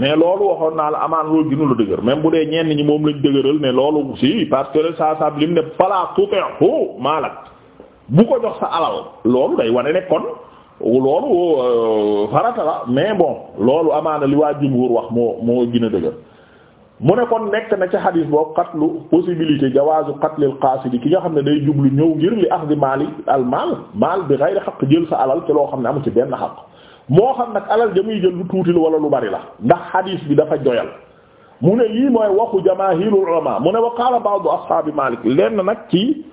mais loolu waxoon naa la amaan loolu gënu la dëgër même bu dee ñenn ñi moom lañ dëgëral ne loolu si parce que le saa sab lim ne fala tutehu malak bu ko jox sa alal loolu day waa ne kon loolu euh, farata la mais bon loolu amaana li waa jumhur wax moo moo gën a dëgër mu ne kon nekk na ci xadis boobu xatlu possibilité jawaazu qatlil qaasidi ki nga xam ne day jublu ñëw ngir li axdi maali al maal maal bi ghayri xaq jël sa alal ci loo xam ne amu ci benn xaq moo xam nag alal ja muy jël lu tuuti wala lu bari la ndax hadith bi dafa joyal mu ne lii mooy waxu jamaahirul ulama mu ne wa qaala ba'du ashaabi Malik lenn nag ci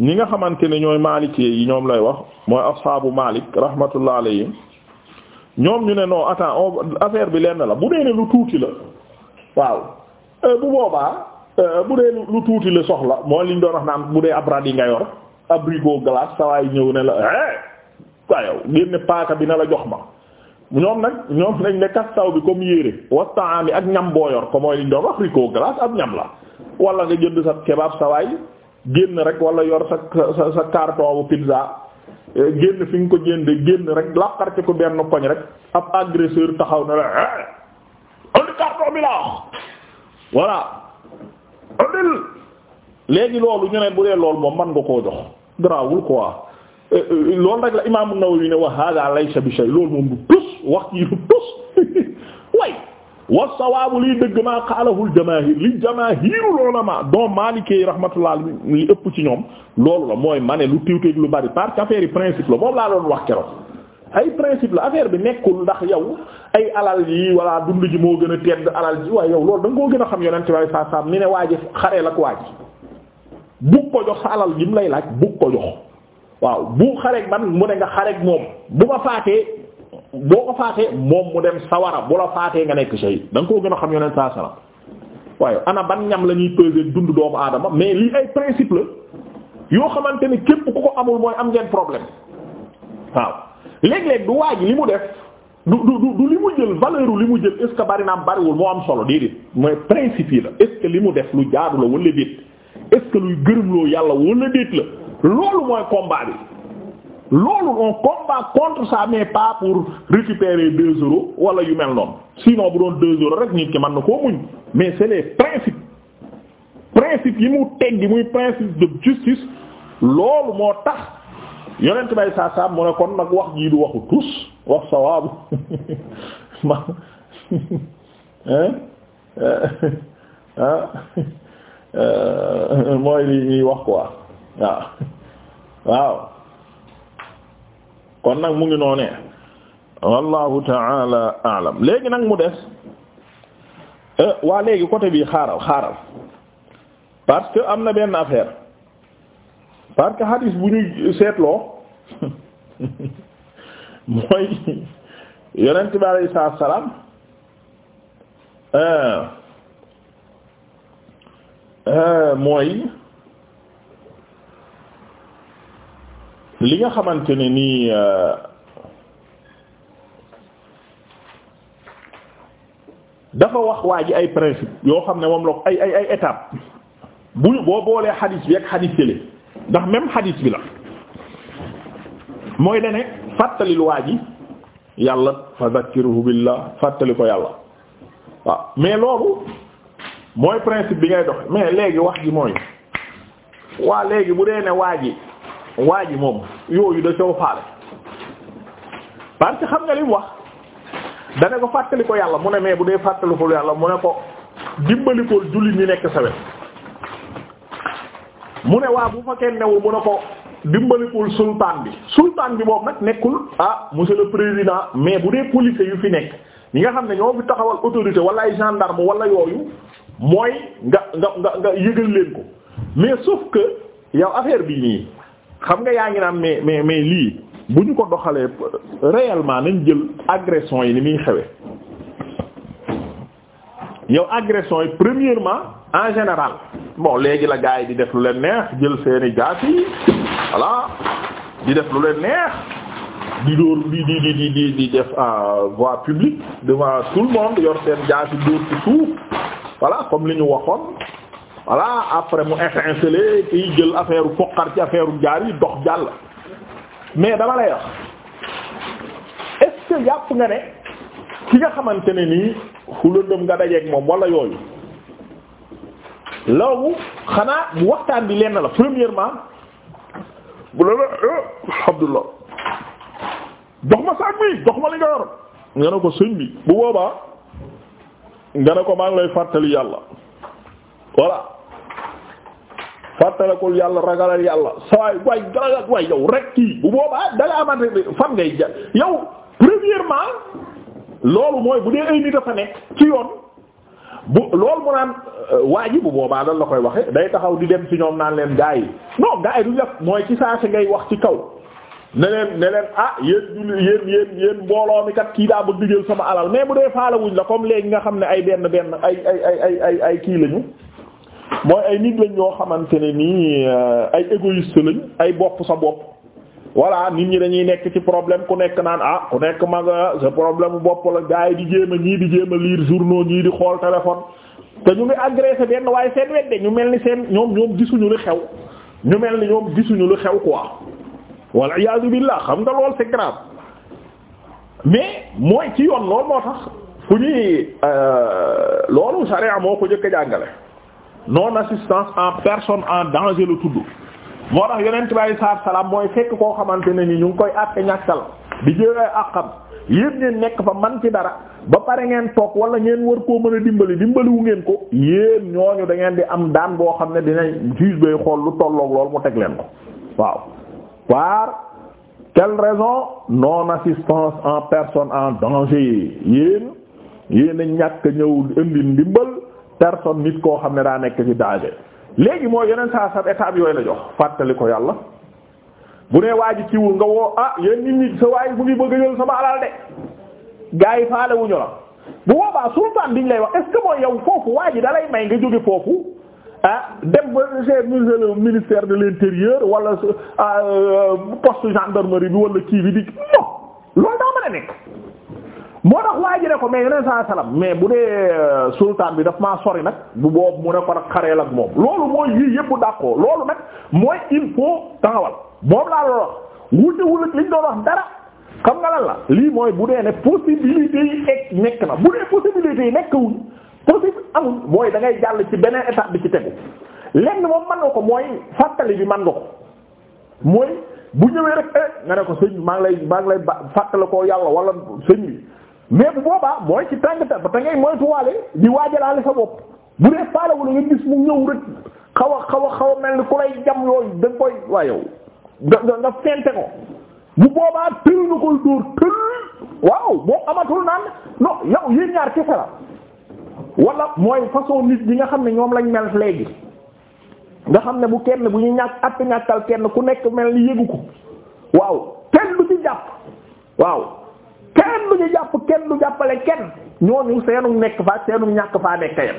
ñi nga xamante ne ñooy Maliki yi ñoom lay wax mooy ashaabu Malik rahmatullah alayhim ñoom ñu ne non attends affaire bi lenn la bu dee ne lu tuuti la waaw euh, bu boobaa euh, bu dee lu tuuti la soxla mooy liñ doon wax naan bu dee ab rad yi nga yor abrigo glace sawaay ñëw ne la eh, waayow génne paaka bi na la jox ma ñoom nag ñoom nañ ne kastaw bi comme yére wastaami ak ñam boo yor ko mooy liñ doon wax rico glace ab ñam la wala nga jënd sa kebab sa waay génn rek walla yor sa sa sa carton bu pizza génn fi nga ko jënd génn rek laqarte ko benn koñ rek ab agresseur taxaw na la indi eh, carton bi la wax voilà léegi loolu ñu ne bu dee loolu moom man nga koo jox garaawul quoi loolu rek la imaam An-Nawawi ne wa hada laysa bi shay loolu moom du tus wax yi du tus way wa sawaabu liy dëgg maa xaalahul jamaahir li jamaahirul ulama donc Maalikee rahmatullah li ëpp ci ñoom loolu la mooy ma ne lu tiwteeg lu bari parce que affaire yi principe la moom laa doon wax keroog ay principe la affaire bi nekkul ndax yow ay alal yi wala dund ji moo gën a tedd alal ji waaye yow loolu da koo gën a xam yonent way saa saa mi ne waaji xareel ak waaji lay laaj ko waaw bu xareeg man mu ne nga xareeg moom bu faatee boo ko faatee moom mu dem sawara bu la faatee nga nekk shahid danga koo gën a xam yonent saa salaam waaye ana ban ñam la ñuy peser dund doomu aadama mais lii ay principe la yoo xamante ni képp ku ko amul mooy am ngeen problème waaw léeg-léeg du waa li mu def du du du li mu jël valeur li mu jël est ce bari bariwul moo am solo déedéet mooy principe yi la est li mu def lu jaadu la wala déet est ce yàlla la. loolu mooy combat bi loolu on combat contre ça mais pas pour récupérer deux euros wala yu mel noonu sinon bu doon deux euros rek nit ki mën na koo muñ mais c'est les principes principes yi mu teggi muy principe de justice loolu moo tax yonent bay saa saa mu ne kon nag wax jii du waxu tus wax sawaabu ma ah? euh, mooy li ñuy wax quoi waaw waaw kon nag mu ngi noonee wallahu taala alam léegi nag mu des euh, waa léegi côté bi xaaral xaaral parce que am na benn affaire parce que hadis bu ñu seetloo mooy yonent bi alayhi salaatu salaam euh, euh, mooy li nga xamante ne nii euh, dafa wax waa ji ay principe yoo xam ne moom la ay ay ay étape bu boo boolee xadis bi ak xadis télé ndax même xadis bi la mooy dene fàttalil waa ji yàlla fa zakkiruhu billah fàttali ko yàlla mais loolu mooy principe bi ngay dox mais léegi wax ji mooy waa léegi bu dee ne waa ji waa ji moom yooyu da coow faale parce xam nga li wax dane ko fàttali ko yàlla mu ne mais bu dee fàttali ko yàlla mu ne ko dimbalikool jullit ñi nekk sa mu ne waa bu fa kenn newul mu ne ko dimbalikool sultaan bi sultaan bi boobu nag nekkul ah monsieur le président mais bu dee policier yu fi nekk ñi nga xam ne ñoo fi taxawal autorité wala ay gendarme wala yooyu mooy nga nga nga nga leen ko mais sauf que yow affaire bii nii xam nga yaa ngi naan mais mais mais lii bu ñu ko doxalee réellement nañ jël agression yi ni muy xewee yow agression yi premièrement en général bon léegi la gars yi di def lu leen neex jël seeni gaas yi di def lu leen neex di dóor di di di di di def à voie publique devant tout le monde yor seen gaas yi dóor ci suuf comme li ñu waxoon. voilà après mu étincelé kiy jël affaire foqar ci affaire jaar yi dox jàll mais dama lay wax est-ce yàpp nga ne ki nga xamante ne nii fu lëndëm nga dajeeg moom wala yooyu loolu xanaa bu waxtaan bi lenn la premièrement bu la eh, alhamdulillah dox ma saak bi dox ma li nga ne ko sëñ bi bu boobaa nga ne ko maa ngi lay fàttali yàlla voilà fàttalikul yàlla ragalal yàlla sawaay waay ragal waay yow rek kii bu boobaa da nga amante fan ngay ja yow premièrement loolu mooy bu dee ay nit a fa nekk ci yoon bu loolu mu naan euh, waa ji bu boobaa dal la koy waxe day taxaw di dem ci ñoom naan leen gaa yi non gaa yi du def mooy ci saa si ngay wax ci kaw ne leen ne leen ah yéen julli yéen yéen yéen mbooloo mi kat kii daa bu jël sama alal mais bu dee faalawuñ la comme léegi nga xam ne ay benn benn ay ay ay ay ay ay kii lañu mooy ay nit lañ yoo xamante ne nii euh, ay égoïste lañ ay bopp sa bopp voilà nit ñi dañuy nekk ci problème ku nekk naan ah ku nekk mag ah, sa problème bopp la gars yi di jéem a ñii di jéem a lire journaux ñii di xool téléphone te ñu ngi agressé benn waaye seen wedde ñu mel ni seen ñoom ñoom gisuñu lu xew ñu mel ni ñoom gisuñu lu xew quoi walla iyaazu billah xam nga lool c'est grave mais mooy ci yoon loolu moo tax fu ñuy euh, loolu sharia amoo ko jëkk jàngale non assistance en personne en danger la tudd moo tax yonent bi alayhi salaatu salaam mooy fekk koo xamante ne ni ñu ngi koy àtte ñàkkal di jëlee àqam yéen ngeen nekk fa man ci dara ba pare ngeen toog wala ngeen war koo mën a dimbali dimbaliwu ngeen ko yéen ñooñu da ngeen di am daan boo xam ne dinañ juge bay xool lu tolloog lool mu teg leen ko waaw par quelle raison non assistance en personne en danger yéen yéen a ñàkk ñëw indi ndimbal personne nit koo xam ne daa nekk ci danger léegi moo yeneen saa sab état bi yooyu la jox fàttali ko yàlla bu nee waa ji ciwul nga woo ah yéen nit ñi sa waaye bu ngi bëgg a jël sama de gars yi faale wuñu la bu boobaa sultaan biñ lay wax est mooy yow foofu waa ji da lay may nga jóge foofu ah dem ba chef le ministère de l'intérieur wala ah, euh, poste gendarmerie bi wala kii bi di loolu daa mën nekk. moo tax waa ji ne ko mais yeneen saa salaam mais bu dee euh, sultan bi daf ma sori nag bu boobu mu ne ko nag xareel ak moom loolu mooy yii yëpp d'accord loolu nag mooy il faut taxawal moom laa loolu wax wutewul liñ doon wax dara xam nga lan la lii mooy bu dee ne possibilité yi nekk na bu dee possibilité yi nekkul possible amul mooy dangay ngay jàll ci beneen étape bi ci tegu lenn moom mën nga ko mooy fàttali bi man nga ko mooy bu ñëwee rek eh, nga ne ko sëñ maa lay maa ngi lay ba fàttali ko yàlla wala sëñ mais bu boobaa mooy ci tàng ta te ngay moytuwaale di waajalaale sa bopp bu dee faalawula nga gis mu ñëw rek xaw a xaw a xaw a mel ni ku lay jam yooyu da nga koy waa yow nga fente ko bu boobaa tël nga koy dóor tël waaw boo amatul naan non yow yéen ñaar kese la wala mooy façon nit ñi nga xam ne ñoom lañ mel léegi nga xam ne bu kenn bu ñu ñàkk att ñàkkal kenn ku nekk mel ni yëgu ko waaw kenn du ci jàpp waaw kenn lu ñu jàpp kenn du jàppale kenn ñooñu seenu nekk fa seenu ñàkk faa nekk yam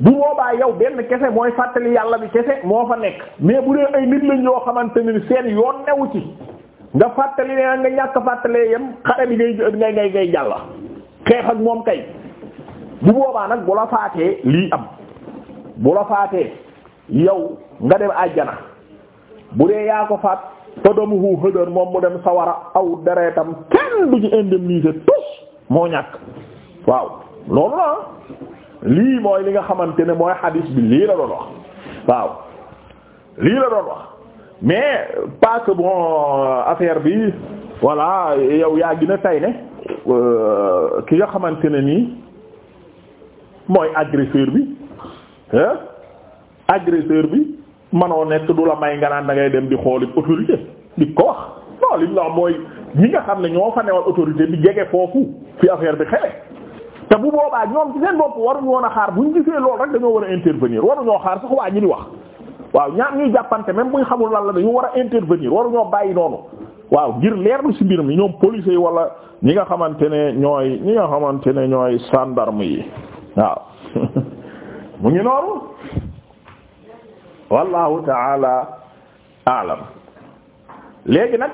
bu boobaa yow benn kese mooy fàttali yàlla bi kese moo fa nekk mais bu dee ay nit lañ yoo xamante ni seen yoon newu ci nga fàttali leen nga ñàkk fàttalee yem xare bi ngay ngay ngay ngay xeex ak moom kay bu boobaa nag bu la faatee lii am bu la faatee yow nga dem àjjana bu dee yaa ko faat qadamuhu hëdër moom mu dem a aw deretam kenn du ci indemnisé tous moo ñàkk waaw loolu la lii mooy li nga xamante ne mooy hadis bi lii la doon wax waaw lii la doon wax mais pas bon euh, affaire bi voilà yow yaa gën a tay ne euh, ki nga xamante ne nii mooy agresseur bi hein agresseur bi manoo nekk du la may nga naan da ngay dem di xooli autorité di ko wax non li la mooy ñi nga xam ne ñoo fa newal autorité bi jege foofu fi affaire bi xewe te bu boobaa ñoom ci seen bopp waruñu woon a xaar buñ gisee loolu rek dañoo war a intervenir waruñoo xaar sax waa ñi di wax waaw ñaar ñuy jàppante même buñ xamul lan la dañu war a intervenir waruñoo bàyyi noonu waaw ngir leerlu si mbir mi ñoom police yi wala ñi nga xamante ne ñooy ñi nga xamante ne ñooy gendarme yi waaw wallahu taala alam léegi nag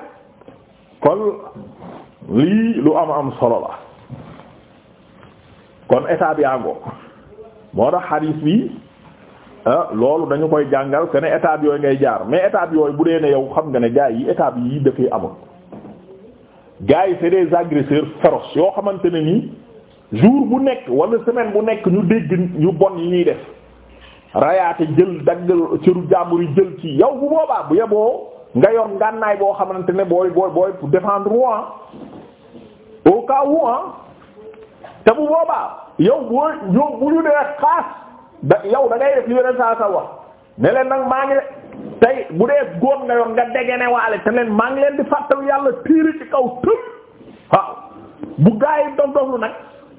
kon lii lu am am solo la kon état bi àngo moo tax xadiis bi ah, loolu dañu koy jàngal que ne étape yooyu ngay jaar mais étape yooyu bu dee ne yow xam nga ne gars yi étape yi dafay amul gars yi c'est des agresseurs yoo xamante ne nii jour bu nekk wala semaine bu nekk ñu dégg ñu bon yi ñuy def rayaate jël dagg cëru jàmbur yi jël ci yow bu boobaa bu yeboo nga yor ngànnaay boo xamante ne booy booy booy bu moi ah. au cas où ah. te bu boobaa yow booy yow bu ñu nee xaas da yow da ngay def li yeneen saa sa wax ne leen nag maa ngi tey bu dee góor nga yor nga degene waale te leen maa ngi leen di fàttal yàlla tiiri ci kaw tëb waaw bu gaa yi dof doflu nag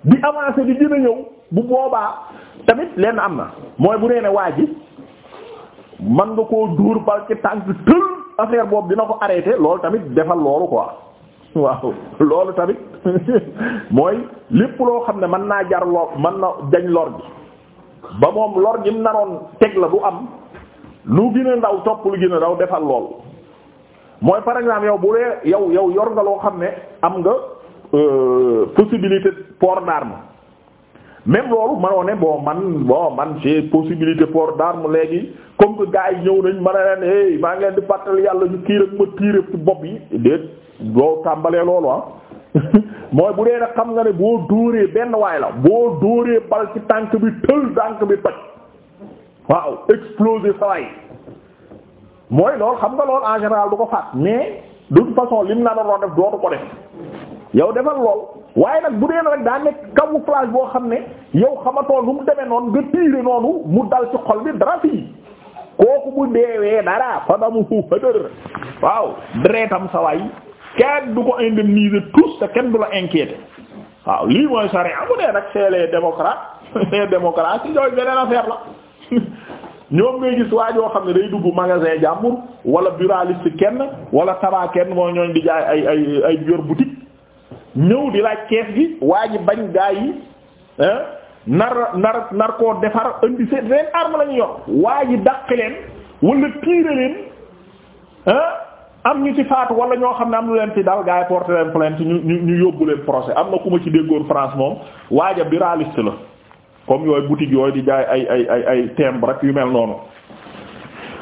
di di gën a ñëw bu boobaa tamit lenn am na mooy bu nee ne waa ji man nga koo dóor bal tànk tël affaire boobu dina ko arrêté loolu tamit defal loolu quoi waaw loolu tamit mooy lépp loo xam ne mën naa jar lor mën na jañ lor gi ba moom lor gi mu naroon teg la du am lu gën a ndaw topp lu gën a ndaw defal loolu mooy par exemple yow bu dee yow yow yor nga loo xam ne am nga euh, possibilité port d'arme même loolu manoo ne bon man bon man j'ai possibilité daar d'arme léegi comme que gars yi ñëw nañ man hey maa ngi leen di fàttali yàlla ñu kii rek ma tiire ci bopp yi déet boo tàmbalee loolu ah mooy bu dee nag xam nga ne boo dóoree benn waay la boo dóoree bal ci tànk bi tël tànk bi toj waaw exploser sa waay mooy loolu xam nga loolu en général du ko faat mais de toute façon lim na doon def dootu ko def yow defal lool. waaye nag bu dee nag daa nekk camouflage boo xam ne yow xamatoon lu mu demee noonu nga tiire noonu mu dal ci xol bi dara fii kooku mu deewee dara fa damu fu waaw deretam sa waay kenn du ko indemniser tous te kenn du la inquiéter waaw lii mooy charia bu dee nag c'est les démocrates les si jooy beneen affaire la ñoom ngay gis waa joo xam ne day dugg magasin jàmbur wala buraliste kenn wala tabac kenn mooy ñooñ di ay ay ay yor boutique ñëw di laaj kees gi waa ji bañ gaa yi nar nar nar koo defar indi seen seen arme la ñu yor waa ji dàq leen wala tiire leen am ñu ci faatu wala ñoo xam ne am lu leen fi dal gaa yi porté leen plainte ñu ñu ñu yóbbu leen procès am na ku ma ci déggoon France moom waaja biraliste la comme yooyu boutique yooyu di jaay ay ay ay ay rek yu mel noonu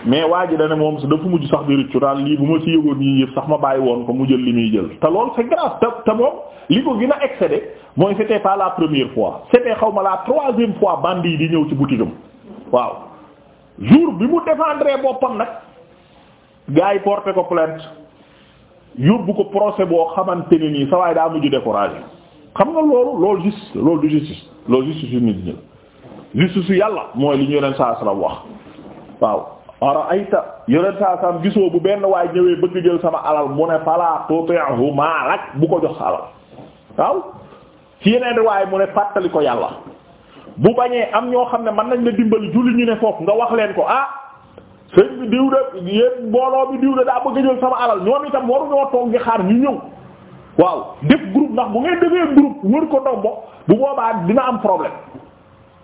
mais waa ji dana moom dafa mujj sax di rëccu daal lii bu ma ci yëgoon yii yëpp sax ma bàyyi woon ko mu jël li muy jël te loolu c'est grave te te moom li ko gën a excédé mooy c'était pas la première fois c'était xaw ma la troisième fois bandi di ñëw ci boutique am waaw jour bi mu défendre boppam nag gars yi porté ko plainte bu ko procès boo xamante ne nii sa waay daa mujj découragé xam nga loolu lool justice loolu du justice loolu justice yu nit ñi la yàlla mooy li ñu leen saa sala wax ara'ayta yonent saa saam gisoo bu benn waay ñëwee bëgg jël sama alal mu ne fala tuti'hu maalak bu ko jox sa alal waaw ci yeneen waay mu ne fàttali ko yàlla bu bañee am ñoo xam ne mën nañ la dimbali julli ñu ne foofu nga wax leen ko ah sëñ bi diw de yéen mbooloo bi diw daa bëgg jël sama alal ñoom itam waruñoo toog di xaar ñu ñëw waaw def groupe ndax bu ngeen defee groupe wër ko ndombo bu boobaa dina am problème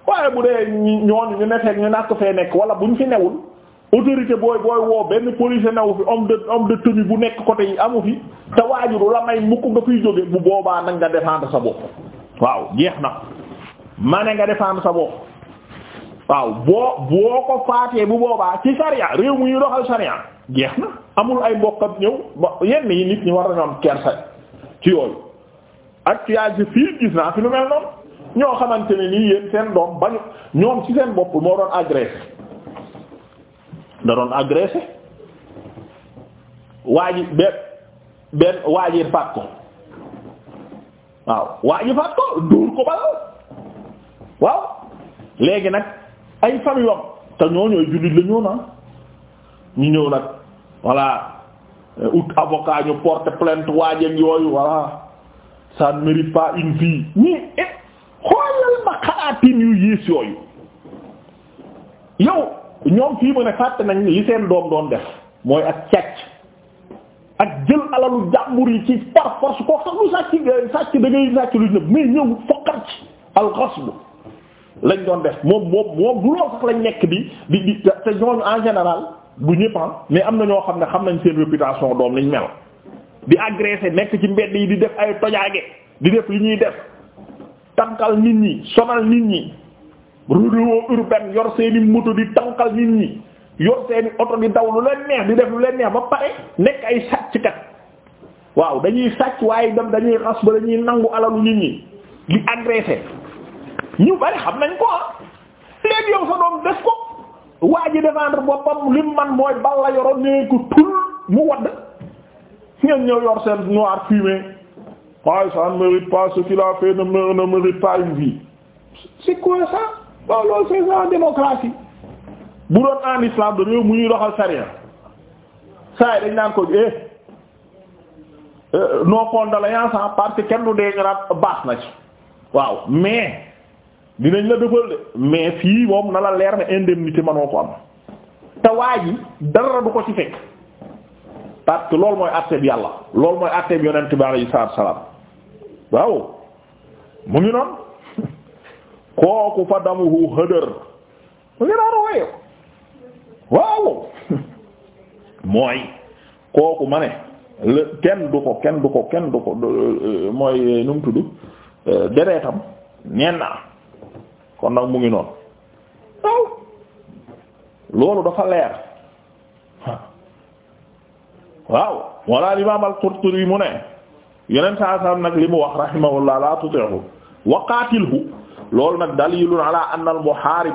waaye bu dee ñooñu ñu ne fekk ñu fee nekk wala buñ fi newul. autorité booy booy woo benn policier nawu fi homme de homme de tenue bu nekk côté yi amu fi te waajuru la may mukk nga fiy jóge bu boobaa nag nga défendre sa bopp waaw geex na ma nga défendre sa bopp waaw boo boo ko faatee bu boobaa ci sariya réew mu ñu doxal sariya jeex na amul ay mbokkam ñëw ba yenn yi nit ñi war nañu am ci yooyu ak ci fii gis naa fi lu mel noonu ñoo xamante ne nii yéen seen doom ba ñoom ci seen bopp moo doon agressé da doon agressé waa benn benn waa ji faat ko waaw waa ji faat ko dóor ko balal waaw léegi nag ay famille wax te ñooñooy jullit la na ñu ñëw nag voilà ut avocat ñu porte plainte waajeg yooyu voilà ça ne pas une fille ñii eh, xoolal ma xalaatin yu yiis yooyu yow ñoom fii mu ne fàtte nañ li seen doom doon def mooy ak càcc ak jël alalu jàmbur yi ci par force koo xam lu sàcc sàcc da ngay sàcc lu nëb mais ñëw foqar ci alxasbu lañ doon def moom moom du loolu sax lañ nekk di di di te ñooñu en général bu ñëpp ah mais am na ñoo xam ne xam nañ seen réputation doom niñ mel di agressé nekk ci mbedd yi di def ay tojaage di def li ñuy def tànkal nit ñi sonal nit ñi. rodéo urbain yor seeni moto di tànqal nit ñi yor seeni oto di daw lu leen neex di def lu leen neex ba pare nekk ay sàcckat waaw dañuy sàcc waaye dem dañuy xas ba dañuy nangu alalu nit ñi di agressé ñu bari xam nañ ko ah léegi yow sa doom def ko waa ji défendre boppam lim man mooy bal la yoroon nee ko tul mu wadd ngeen ñëw yor seen noir fumé waaye ça ne mérite pas ce qu'il a fait ne mérite pas une waaw loolu c'est la démocratie bu doon en islam de réew mu ñuy doxal sariya saa yi dañ naan ko eh, eh nos condoléances parce que kenn du dee ñu naan baax na ci waaw mais dinañ la dëfal de mais fii moom na la leer ne indemnité manoo ko am te waa ji dara du ko ci fekk parce que loolu mooy àtteeb yàlla loolu mooy àtteeb yonent bi alayhi salaatu salaam waaw mu ngi noonu. kooku fa damuhu xëdër li daanu wayew waaw mooy kooku ma ne kenn du ko kenn du ko kenn du ko euh, mooy euh, nu mu tudd euh, deretam neen na kon nag mu ngi noon loolu dafa leer waaw walla imaam al-Qurtubi mu ne yeneen saa saa nag li mu wax rahimahullah la tuti'hu wa qatilhu loolu nag dalilun ala anna al muharib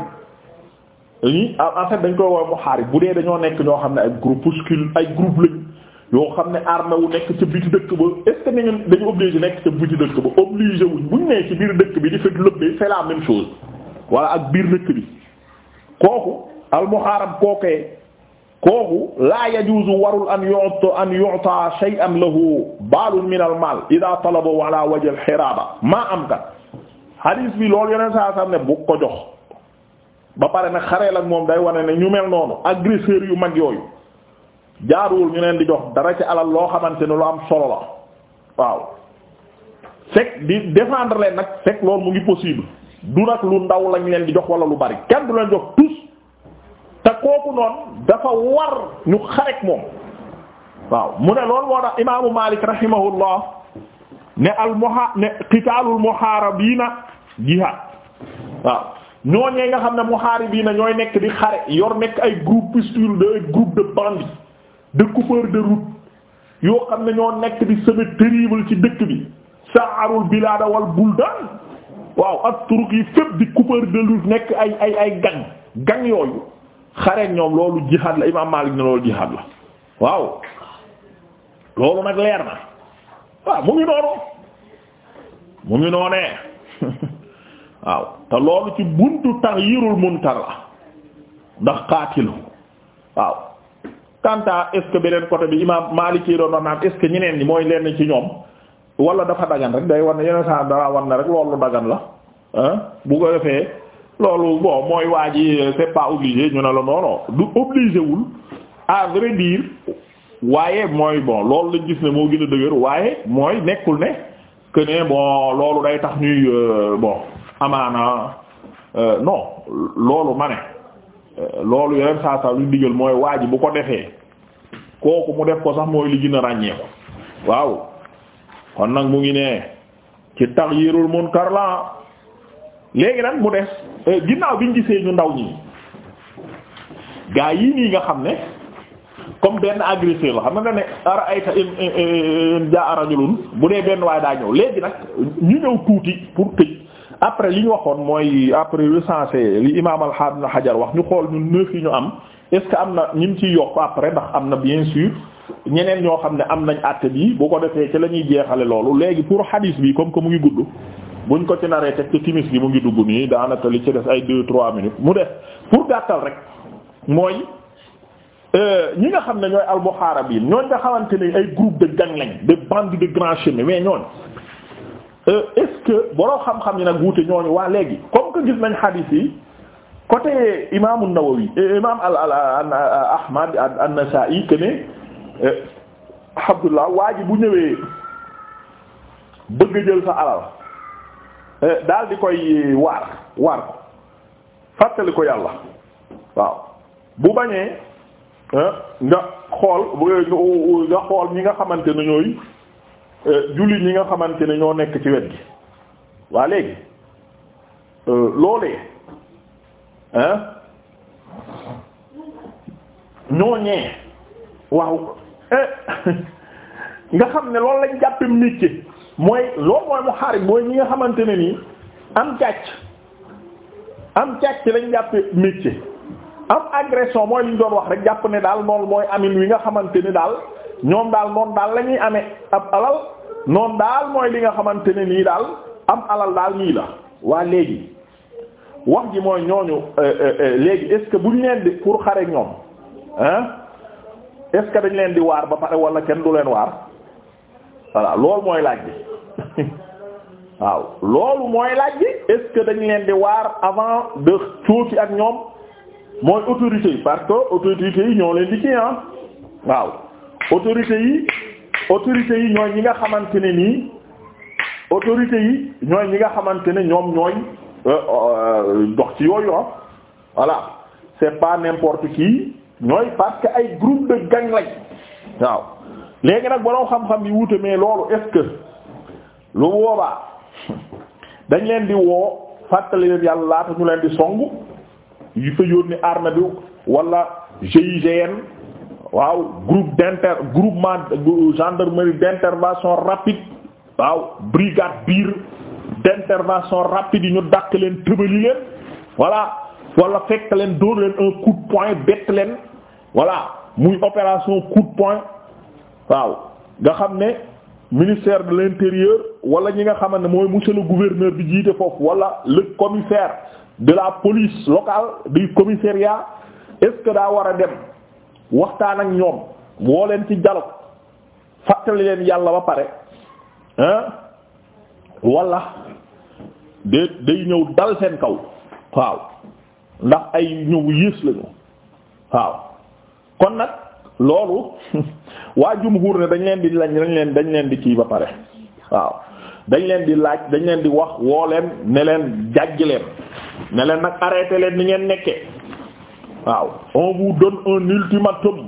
dañ koy woowe muharib bu dee dañoo nekk ñoo xam ne ay groupuscule ay groupe lañ yoo xam ne armée wu nekk ci biti dëkk ba est-ce que nañu dañu obligé nekk ca biti dëkk ba obligé wuñ buñ nee ci biir dëkk bi di fekk lëbbee c'est la même chose wala ak biir dëkk bi kooku al muharib la yajuzu warul an yu'ta an yu'ta shay'an lahu balun min al mal idha talabahu ala wajhi ma am hadis bi loolu yeneen saa sax ne bu ko jox ba pare nag xareel ak moom day wane ne ñu mel noonu agresseurs yu mag yooyu jaaruwul ñu leen di jox dara ci alal loo xamante ne lu am solo la waaw fekk di défendre leen nag fekk loolu mu ngi possible du nag lu ndaw lañu leen di jox walla lu bari kenn du leen jox tous te kooku noon dafa war ñu xarek moom waaw mu ne loolu moo tax imaamu Maalik rahimahullah ne al muha ne qitaalul na jihaad waaw ñooñee nga xam ne muhaaribiina ñooy nekk di xare yor nekk ay groupuscule de ay groupe de bandits de coupeurs de route yoo xam ne ñoo nekk di semer terrible ci dëkk bi sa'arul bilaada wal buldaan waaw ak turuq yi fépp di coupeurs de route nekk ay ay ay gang yooyu xare ñoom loolu jihaad la imaam Maalik ne loolu jihaad la waaw loolu nag leer na waaw mu ngi noonu mu ngi noonee waaw te loolu ci buntu taxyirul munkar la ndax xaatilu waaw kanta est beneen côté bi imam Maalik yi doon wax naan est ñeneen ñi mooy lenn ci ñoom wala dafa dagan rek day war ne yeneen saa dara war na rek loolu dagan la bu ko defee loolu bon mooy waa ji c'est pas obligé ñu ne la non du obligé wul à vrai waaye mooy bon loolu lañ gis ne moo gën a dëgër waaye mooy nekkul ne que bon loolu day tax ñuy euh, bon amaana euh, non loolu ma ne euh, loolu yeneen saa saa lu digal mooy waa ji bu ko defee kooku mu def ko sax mooy li gën a ràññee ko waaw kon nag mu ngi ne ci taxyirul munkar la léegi nag mu des euh, ginnaaw biñ gisee ñu ndaw ñi gaa yii nii nga xam ne comme benn agresseur la xam nga ne ara ayta in jaa rajulun bu dee benn waaye daa ñëw léegi nag ñu ñëw tuuti pour tëj après li ñu waxoon mooy après recensé li imaam al-Hafiz Hajar wax ñu xool ñu neuf yi ñu am est que am na ñu ñim ciy yokk après ndax am na bien sûr ñeneen ñoo xam ne am nañ àtte bi bu ko defee ci la ñuy jeexale loolu léegi pour hadis bi comme que mu ngi gudd buñ ko ci naree teg ci timis gi mu ngi dugg nii daanaka li ci des ay deux trois minutes mu def pour gàttal rek mooy euh, ñi nga xam ne ñooy al-muharibin ñooñ nga xawante ne ay groupe de gang lañ de bande de grands chemins mais Euh, est-ce que boroo xam-xam yi nag wuute ñooñu waa léegi comme que gis nañ xadiis yi côté imaamu Nawawi euh, imaam al al Ahmad an-Nasa'i que ne euh, Abdullah waa ji bu ñëwee bëgg jël sa alal daal di koy waar waar ko fàttali ko yàlla waaw bu bañee nga xool nga xool ñi nga xamante ne ñooy. Euh, jullit ñi nga xamante ne ñoo nekk ci wet gi waa léegi euh, loolee ah ñoo ñee waaw eh, nga xam ne loolu lañ jàppe métier mooy loolu mooy mu xaarib mooy ñi nga xamante ne nii am càcc am càcc lañ jàppe métier am agression mooy liñ doon wax rek jàpp ne daal noonu mooy amin wi nga xamante ni daal ñoom daal noonu daal la ñuy amee ab alal noonu daal mooy li nga xamante ne nii daal am alal daal nii la waa léegi wax ji mooy ñooñu euh, euh, euh, léegi est bu que leen di pour xare ñoom hein est-ce dañ leen di waar ba pare wala kenn du leen waar voilà loolu mooy laaj bi waaw loolu mooy laaj bi est-ce leen di waar avant de cooki ak ñoom mooy autorité yi parce que autorité yi ñoo leen di ci ah waaw autorités yi autorités yi ñooy ñi nga xamante ne nii autorités yi ñooy ñi nga xamante ne ñoom ñooy euh, euh, dox ci yooyu ah voilà c'est pas n'importe qui ñooy parce que ay groupe de gang lañ waaw léegi nag borom xam-xam yi wuute mais loolu est-ce que lu boobaa dañ leen di woo fàttali yàlla laata ñu leen di song yu fa yónni armée bi wala GIGN. waaw groupe d'inter groupement gendarmerie d'intervention rapide waaw brigade biir d'intervention rapide yi ñu dàq leen tëbali leen voilà wala fekk leen dóor leen un coup de bett leen voilà muy opération coup de waaw nga xam ne ministère de l'intérieur wala ñi nga xamante ne mooy monsieur le gouverneur bi jiite foofu wala le commissaire de la police locale du commissariat est-ce que daa war a dem waxtaan ak ñoom woo leen ci dialogue fàttali leen yàlla ba pare hein wala de day ñëw dal seen kaw waaw ndax ay ñëw yées lañu waaw kon nag loolu waa jumhur ne dañ leen di lañ dañ leen dañ leen di kii ba pare waaw dañ leen di laaj dañ leen di wax woo leen ne leen jàjj leen ne leen nag arrêté leen ni ngeen nekkee waaw on vous donne un ultimatum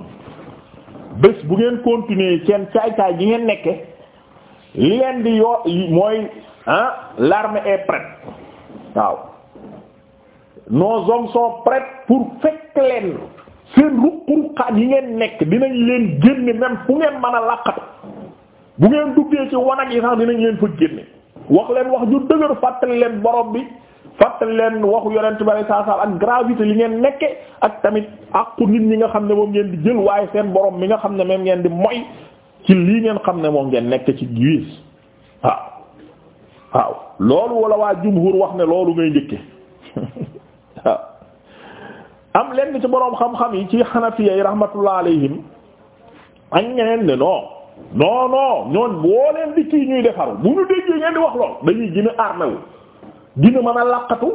bés bu ngeen continuer seen caay-caay gi ngeen nekke li leen di yoo mooy ah l'armée est prête waaw nos hommes soo prêts pour fekk leen seen ruq-ruqaan yi ngeen nekk dinañ leen génne même fu ngeen mën a làqatu bu ngeen duggee ci wanag yi sax dinañ leen fa génne wax leen wax ju dëgër fàttali leen borom bi fàttali leen waxu yonent bari saa saa ak gravité li ngeen nekke ak tamit àqu nit ñi nga xam ne moom ngeen di jël waaye seen borom mi nga xam ne même ngeen di moy ci lii ngeen xam ne moom ngeen nekk ci giis waaw waaw loolu wala waa jumhur wax ne loolu ngay njëkke waaw am lenn ci boroom xam-xam yi ci xanafiya yi rahmatullah alayhim ak ñeneen ne non non non ñoon boo leen di kii ñuy defaru bu ñu déggee ngeen di wax lool dañuy gën a dina mën a laqatu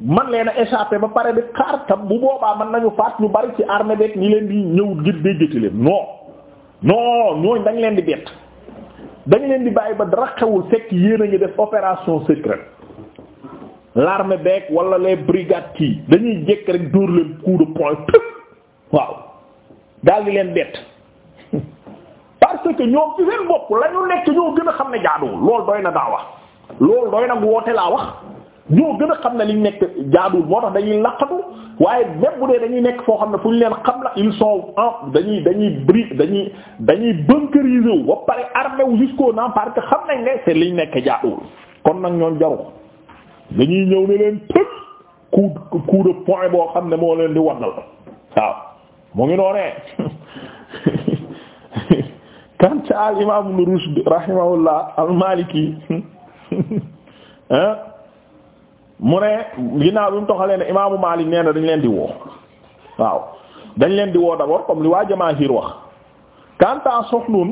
man leen a échappé ba pare bi xaar bu boobaa man nañu faat ñu bari ci armée beeg ñi leen di ñëw ngir déggati leen non non ñooñ dañ leen di bett dañ leen di bàyyi ba dara xewul fekk yéen a ngi def opération secrète l'armée beeg wala les brigades kii dañuy jekk rek dóor leen coup de poing tëb waaw daal di leen bett parce que ñoom ci seen bopp la ñu nekk ñoo gën a xam ne jaaduwul lool doy na daa wax loolu doy na woote laa wax. ñoo gën a xam ne liñ nekk jaaduwul moo tax dañuy laqatu waaye même bu dee dañuy nekk foo xam ne fu ñu leen xam la ils sont en dañuy dañuy bri dañuy dañuy bunkeriser wu ba pare armé wu jusqu'au nom parce que xam nañ ne c'est liñ nekk jaaduwul kon nag ñoom jaru dañuy ñëw ne boo xam ne moo leen di waddal waaw mu ngi noonee kanta al imam Ibn Rushd rahimahullah al maliki mu ne ginnaaw bi mu toxalee ne imaamu Maalik nee na dañ leen di woo waaw dañ leen di woo d'abord comme li waa jamaahir wax kanta Suhnun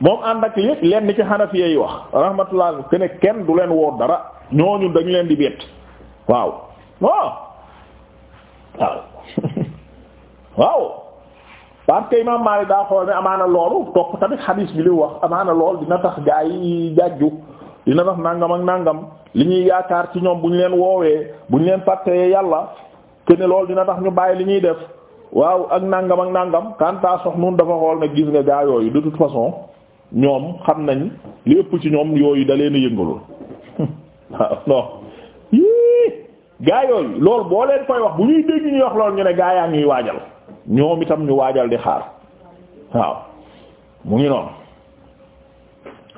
moom ànd ak li leen ni ci Hanafiya yi wax rahmatullah kenn du leen woo dara ñooñu dañ leen di bett waaw waaw waaw waaw parce que imaam Maalik daa xool ne amaana loolu topp tamit xadiis bi li wax amaana lool dina tax gaa yi jàjju dina tax nàngam ak nangam li ñuy yaakaar ci ñoom bu ñu leen woowee bu ñu leen pàttee yàlla te ne loolu dina tax ñu bàyyi li ñuy def waaw ak nangam ak nangam kanta sox nun dafa xool ne gis nga gaa yooyu de toute façon ñoom xam nañ li ëpp ci ñoom yooyu da leen a yëngalul waaw non yii gaa yooyu loolu boo leen koy wax bu ñuy dégg ñuy wax loolu ñu ne gaa yaa ñuy waajal ñoom itam ñu waajal di xaar waaw mu ngi noonu.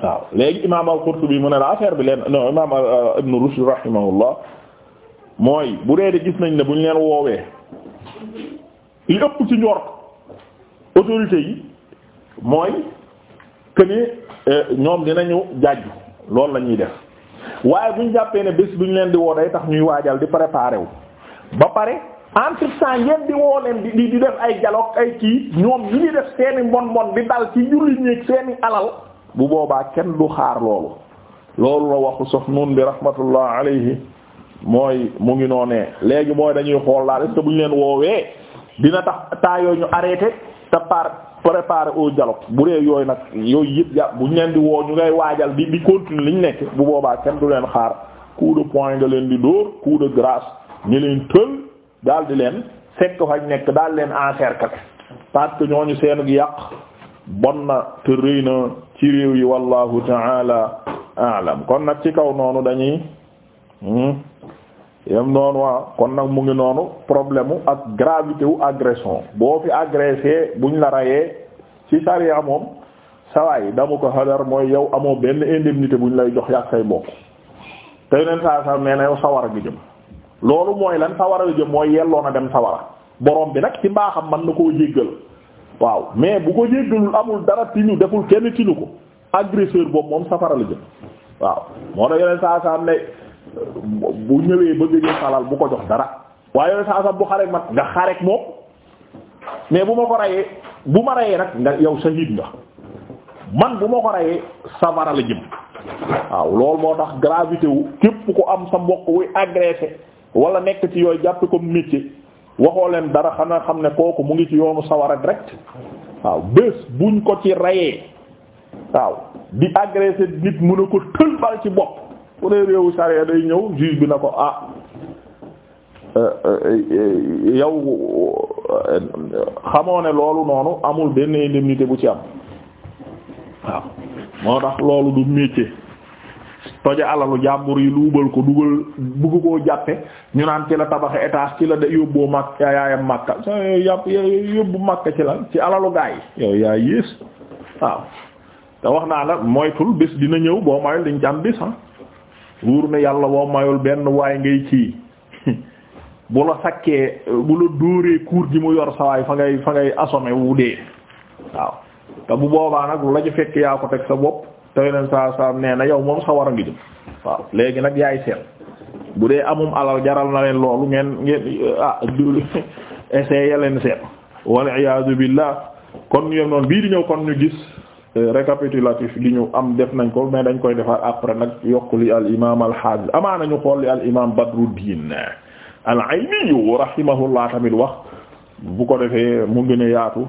waaw léegi imaam al-Qurtubi mu ne la affaire bi leen non imaam euh, Ibn Rushd rahimahullah mooy bu dee de gis nañ ne bu ñu leen woowee li ëpp ci njort autorité yi mooy que ni euh, ñoom dinañu jàjju loolu lañuy def waaye bu jàppee ne bés bu leen di woo day tax ñuy waajal di préparer wu ba pare entre temps ngeen di woo leen di di def ay dialogue ay kii ñoom ñu ngi def seeni mbon mbon di dal ci jullit ñi seeni alal. bu boobaa kenn du xaar loolu loolu la waxu Safnuun bi rahmatullah alayhi mooy mu ngi noonee léegi mooy dañuy xool daal est-ce bu ñu leen woowee dina tax temps yooyu ñu arrêté te par préparer au dialogue bu dee yooyu nag yooyu yëpp ja bu ñu leen di woo ñu ngay waajal di di continuer liñ nekk bu boobaa kenn du leen xaar coup de poing nga leen di dóor coup de grâce ñu leen tël daal di leen fekk fañ nekk daal leen encercler parce que ñooñu seen yàq bon na te rëy ci réew yi wallahu ta'ala a'lam kon nag ci kaw noonu dañuy yam hmm, noonu waa kon nag mu ngi noonu problème wu ak gravité wu agression boo fi bu ñu la rayee ci sariya moom sawaay damu ko xadar mooy yow amoo benn indemnité buñ lay jox yàq say bokk te neen saa saa nee na yow sawara gi jëm loolu mooy lan sawara gi jëm mooy yelloo na dem sawara borom bi nag ci mbaaxam mën na koo jéggal waaw mais bu ko jéggalul amul dara tinu deful kenn tinu ko agresseur boobu moom safara la jëm waaw moo tax yeneen saa saa ne bu ñëwee bëgg ñu xalal bu ko jox dara waaye yeneen saa saa bu xareek mag nga xareek moom mais bu ma ko rayee bu ma rayee nag nga yow sahid nga man bu ma ko rayee safara la jëm waaw loolu moo tax gravité wu képp ko am sa mbokk wuy agressé wala nekk ci yooyu jàpp comme métier waxoo leen dara xanaa xam ne kooku mu ngi ci yoonu sawara direct waaw bés buñ ko ci rayee waaw di agressé nit mun a ko tël bal ci bopp bu dee réewu sariya day ñëw juge bi na ko ah euh, euh, yow xamoo ne loolu noonu amul benn indemnité bu ci am waaw moo tax loolu du métier toje alalu jàmbur yi luubal ko dugal bugg koo jàppe ñu naan ci la tabaxe étage ci la de yóbboo màkk yaayam màkka yàpp yóbbu màkka ci la ci alalu gaa yi yow yaay yées waaw te wax naa la moytul bés dina ñëw boo mayul dañ ci am bés ah wóor na yàlla boo mayul benn waay ngay ci bu la sakkee bu la dóoree kuur gi mu yor sawaay fa ngay fa ngay assommé wu dee waaw te bu boobaa nag lu la ci fekk yaa ko teg sa bopp te yeneen saa saa nee na yow moom sa a ngi jëm waaw léegi nag yaay seet bu dee amum alal jaral na leen loolu ngeen ngeen ah du essayé leen seet wal iyaazu billah kon yéen noonu bii di ñëw kon ñu gis euh, récapitulatif di ñu am def nañ ko mais dañ koy defar après nag yokk li al imaam al amaa na ñu xool li al imaam Badruddin al Ayni rahimahullah tamit wax bu ko defee mu gën a yaatu.